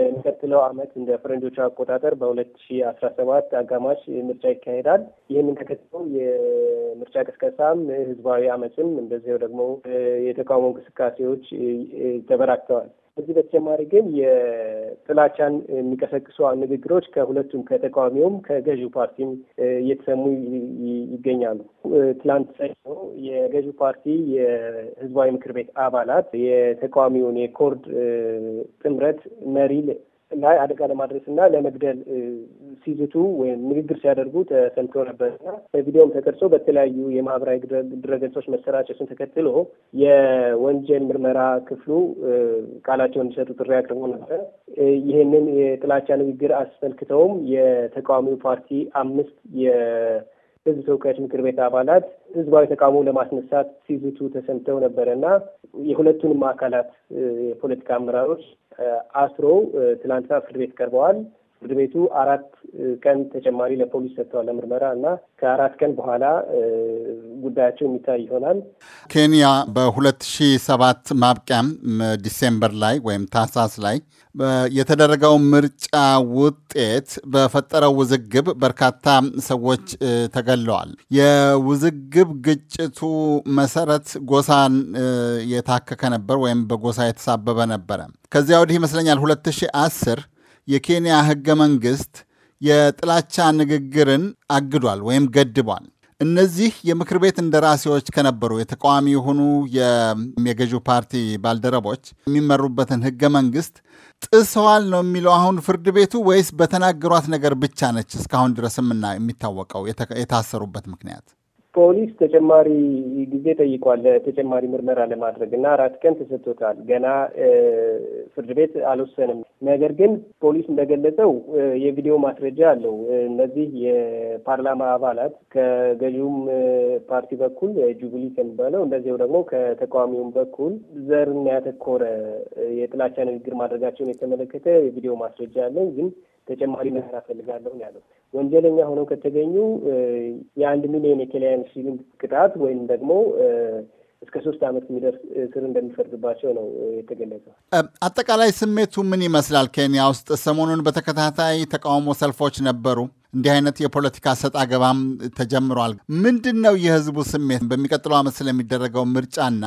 የሚቀጥለው አመት እንደ ፈረንጆቹ አቆጣጠር በሁለት ሺ አስራ ሰባት አጋማሽ ምርጫ ይካሄዳል። ይህንን ተከትሎ የምርጫ ቅስቀሳም ህዝባዊ አመፅም እንደዚሁ ደግሞ የተቃውሞ እንቅስቃሴዎች ተበራክተዋል። ከዚህ በተጨማሪ ግን የጥላቻን የሚቀሰቅሱ ንግግሮች ከሁለቱም ከተቃዋሚውም ከገዢው ፓርቲም እየተሰሙ ይገኛሉ። ትላንት ሰኞ የገዢው ፓርቲ የህዝባዊ ምክር ቤት አባላት የተቃዋሚውን የኮርድ ጥምረት መሪ ላይ አደጋ ለማድረስ እና ለመግደል ሲዝቱ ወይም ንግግር ሲያደርጉ ተሰምቶ ነበር እና በቪዲዮም ተቀርጾ በተለያዩ የማህበራዊ ድረገጾች መሰራጨቱን ተከትሎ የወንጀል ምርመራ ክፍሉ ቃላቸውን እንዲሰጡ ጥሪ አቅርቦ ነበር። ይህንን የጥላቻ ንግግር አስመልክተውም የተቃዋሚው ፓርቲ አምስት ህዝብ ተወካዮች ምክር ቤት አባላት ህዝባዊ ተቃውሞ ለማስነሳት ሲዝቱ ተሰምተው ነበረና የሁለቱንም አካላት የፖለቲካ አመራሮች አስሮ ትላንትና ፍርድ ቤት ቀርበዋል። ፍርድ ቤቱ አራት ቀን ተጨማሪ ለፖሊስ ሰጥተዋል ለምርመራ እና ከአራት ቀን በኋላ ጉዳያቸው የሚታይ ይሆናል። ኬንያ በ2007 ማብቂያም ዲሴምበር ላይ ወይም ታህሳስ ላይ የተደረገው ምርጫ ውጤት በፈጠረው ውዝግብ በርካታ ሰዎች ተገለዋል። የውዝግብ ግጭቱ መሰረት ጎሳን የታከከ ነበር ወይም በጎሳ የተሳበበ ነበረ። ከዚያ ወዲህ ይመስለኛል 2010 የኬንያ ህገ መንግስት የጥላቻ ንግግርን አግዷል ወይም ገድቧል። እነዚህ የምክር ቤት እንደራሴዎች ከነበሩ የተቃዋሚ የሆኑ የገዢው ፓርቲ ባልደረቦች የሚመሩበትን ህገ መንግስት ጥሰዋል ነው የሚለው አሁን ፍርድ ቤቱ ወይስ በተናገሯት ነገር ብቻ ነች? እስካሁን ድረስ የሚታወቀው የታሰሩበት ምክንያት ፖሊስ ተጨማሪ ጊዜ ጠይቋል ተጨማሪ ምርመራ ለማድረግ እና አራት ቀን ተሰጥቶታል። ገና ፍርድ ቤት አልወሰንም። ነገር ግን ፖሊስ እንደገለጸው የቪዲዮ ማስረጃ አለው። እነዚህ የፓርላማ አባላት ከገዢውም ፓርቲ በኩል ጁቢሊ ከሚባለው እንደዚያው ደግሞ ከተቃዋሚውም በኩል ዘርን ያተኮረ የጥላቻ ንግግር ማድረጋቸውን የተመለከተ የቪዲዮ ማስረጃ አለኝ ግን ተጨማሪ መህር እፈልጋለሁ ያለው ወንጀለኛ ሆነው ከተገኙ የአንድ ሚሊዮን የኬንያን ሺሊንግ ቅጣት ወይም ደግሞ እስከ ሶስት ዓመት የሚደርስ እስር እንደሚፈርድባቸው ነው የተገለጸው። አጠቃላይ ስሜቱ ምን ይመስላል? ኬንያ ውስጥ ሰሞኑን በተከታታይ ተቃውሞ ሰልፎች ነበሩ። እንዲህ አይነት የፖለቲካ ሰጥ አገባም ተጀምሯል። ምንድን ነው የህዝቡ ስሜት በሚቀጥለው ዓመት ስለሚደረገው ምርጫና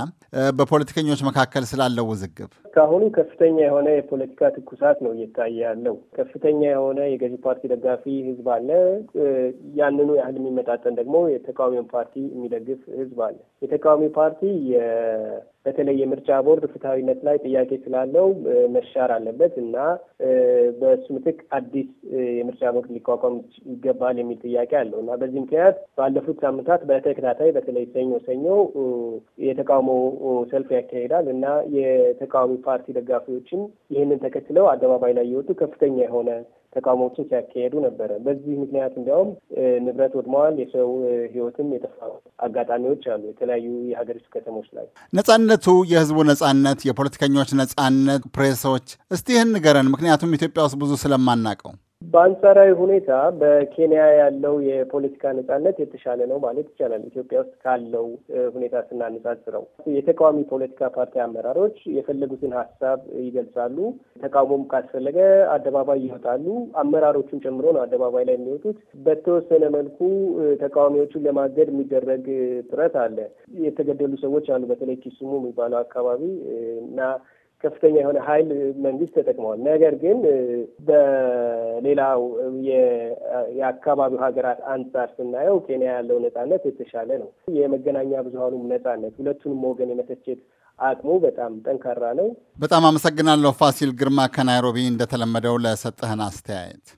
በፖለቲከኞች መካከል ስላለው ውዝግብ? እስካሁኑ ከፍተኛ የሆነ የፖለቲካ ትኩሳት ነው እየታየ ያለው። ከፍተኛ የሆነ የገዢ ፓርቲ ደጋፊ ህዝብ አለ። ያንኑ ያህል የሚመጣጠን ደግሞ የተቃዋሚውን ፓርቲ የሚደግፍ ህዝብ አለ። የተቃዋሚ ፓርቲ በተለይ የምርጫ ቦርድ ፍትሐዊነት ላይ ጥያቄ ስላለው መሻር አለበት እና በእሱ ምትክ አዲስ የምርጫ ቦርድ ሊቋቋም ይገባል የሚል ጥያቄ አለው እና በዚህ ምክንያት ባለፉት ሳምንታት በተከታታይ በተለይ ሰኞ ሰኞ የተቃውሞ ሰልፍ ያካሂዳል እና የተቃዋሚ ፓርቲ ደጋፊዎችም ይህንን ተከትለው አደባባይ ላይ የወጡ ከፍተኛ የሆነ ተቃውሞዎችን ሲያካሄዱ ነበረ። በዚህ ምክንያት እንዲያውም ንብረት ወድመዋል፣ የሰው ህይወትም የጠፋ አጋጣሚዎች አሉ የተለያዩ የሀገሪቱ ከተሞች ላይ። ነጻነቱ፣ የህዝቡ ነጻነት፣ የፖለቲከኞች ነጻነት፣ ፕሬሶች፣ እስቲ ይህን ንገረን፣ ምክንያቱም ኢትዮጵያ ውስጥ ብዙ ስለማናቀው በአንጻራዊ ሁኔታ በኬንያ ያለው የፖለቲካ ነጻነት የተሻለ ነው ማለት ይቻላል። ኢትዮጵያ ውስጥ ካለው ሁኔታ ስናነጻጽረው የተቃዋሚ ፖለቲካ ፓርቲ አመራሮች የፈለጉትን ሀሳብ ይገልጻሉ። ተቃውሞም ካስፈለገ አደባባይ ይወጣሉ። አመራሮቹን ጨምሮ ነው አደባባይ ላይ የሚወጡት። በተወሰነ መልኩ ተቃዋሚዎቹን ለማገድ የሚደረግ ጥረት አለ። የተገደሉ ሰዎች አሉ፣ በተለይ ኪሱሙ የሚባለው አካባቢ እና ከፍተኛ የሆነ ኃይል መንግስት ተጠቅመዋል። ነገር ግን በሌላው የአካባቢው ሀገራት አንጻር ስናየው ኬንያ ያለው ነጻነት የተሻለ ነው። የመገናኛ ብዙሀኑም ነጻነት ሁለቱንም ወገን የመተቸት አቅሙ በጣም ጠንካራ ነው። በጣም አመሰግናለሁ ፋሲል ግርማ ከናይሮቢ እንደተለመደው ለሰጠህን አስተያየት።